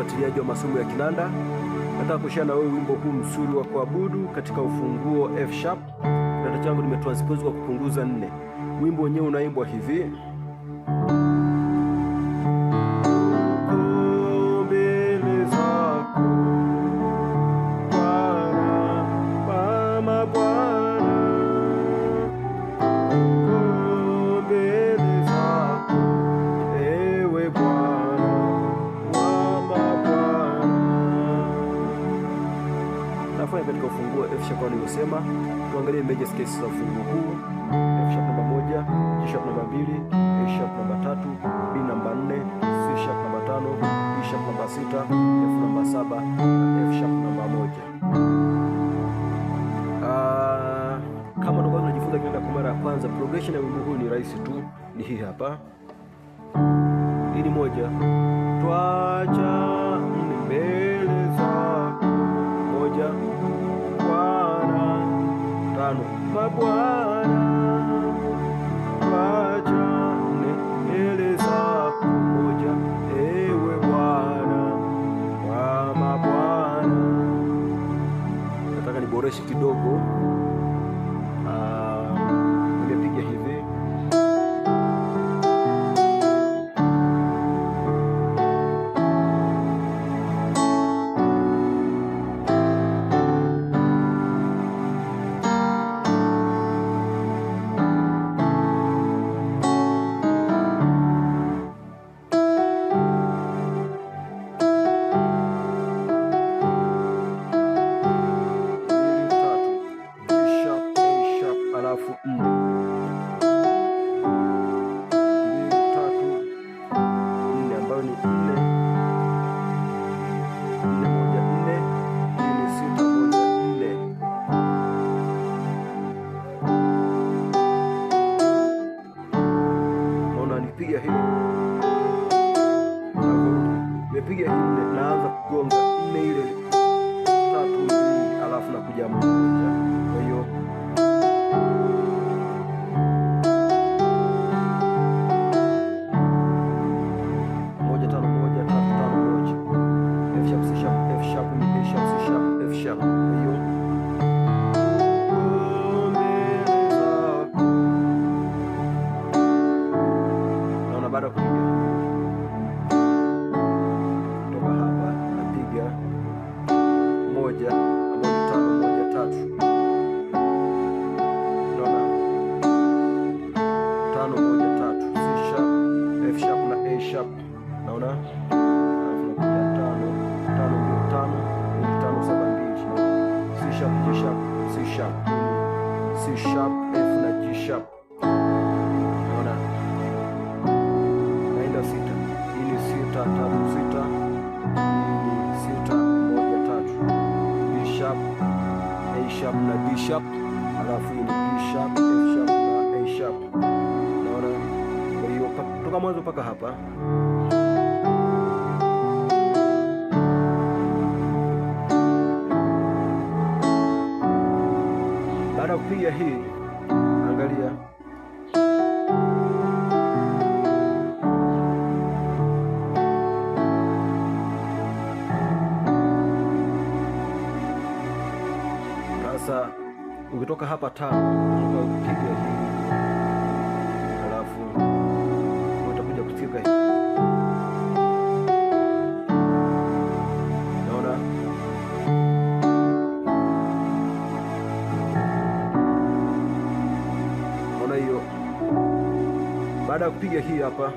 mfuatiliaji wa masomo ya kinanda, nataka kushare na wewe wimbo huu mzuri wa kuabudu katika ufunguo F sharp. Kidole changu nimetranspose kwa kupunguza nne. Wimbo wenyewe unaimbwa hivi. F sharp nilivyosema, tuangalie imejes kesi za ufunguo huu. F sharp namba moja, G sharp namba mbili, A sharp namba tatu, B namba nne, C sharp namba tano, D sharp namba sita, F namba saba, F sharp namba moja. Ah, unajifunza kinanda kwa mara ya kwanza, progression ya wimbo huu ni rahisi tu, ni hii hapa. Hii ni moja, twacha Coroas que dogou. alafu mm. piga hivi, nimepiga hivi sharp na D sharp, alafu ni D sharp, F sharp na A sharp. Naona kwa hiyo kutoka mwanzo mpaka hapa baada ya kupiga hii ukitoka hapa tano ukipiga hivi, halafu utakuja kufika hivi. Naona naona hiyo, baada ya kupiga hii hapa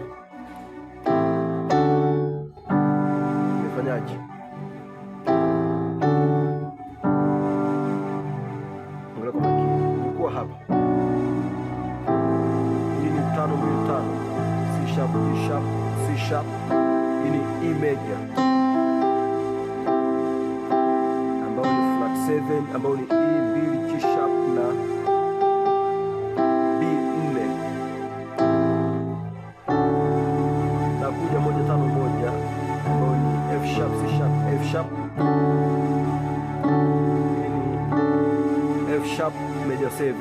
sharp, G sharp, C sharp. Hii ni E major ambayo ni flat 7 ambayo ni E mbili G sharp na B nne na kuja moja tano moja ambayo ni F sharp, C sharp, F sharp. Hii F sharp major 7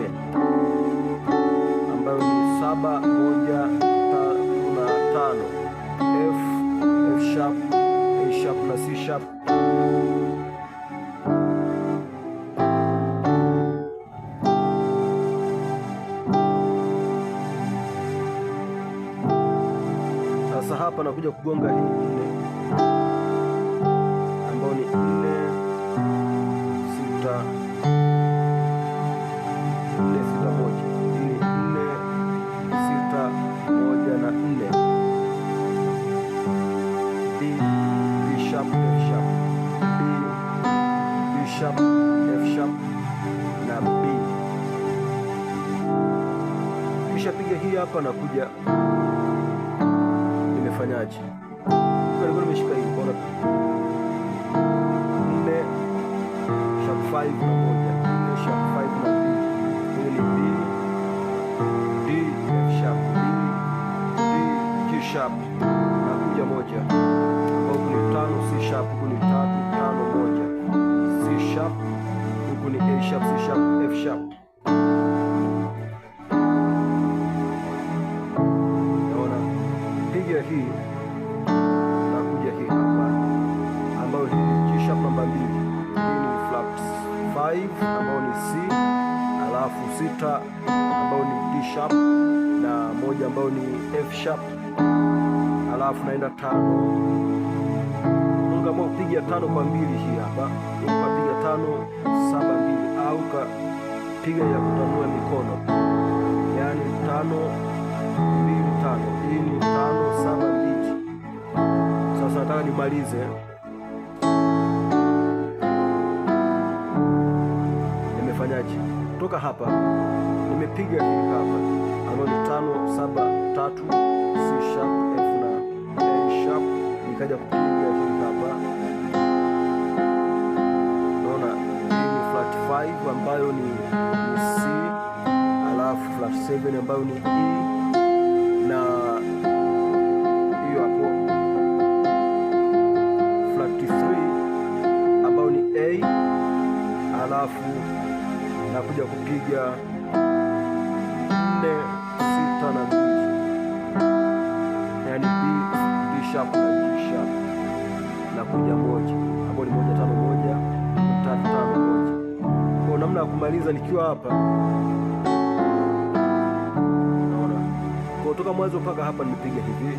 ambayo ni saba moja tano F, F sharp, A sharp na C sharp. Sasa hapa nakuja kugonga hii sharp, F sharp na B, kisha piga hii hapa na kuja. Nimefanyaje? Nilikuwa nimeshika hii nne sharp 5 na moja sharp na moja ambayo ni F sharp, alafu naenda tano ungaamua kupiga tano kwa mbili hii hapa, ukapiga tano saba mbili au ukapiga ya kutanua mikono, yaani tano mbili tano. Hii ni tano saba mbili. Sasa nataka nimalize nimefanyaje hapa piga hii hapa anodi tano saba tatu C sharp F na A sharp, nikaja kupiga hii hapa naona ni flat 5 ambayo ni, ni C alafu flat 7 ambayo ni E na hiyo hapo flat 3 ambayo ni A alafu nakuja kupiga na kumaliza nikiwa hapa kutoka mwanzo mpaka hapa nimepiga hivi.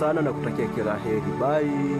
sana na kutakia kila heri. Bye.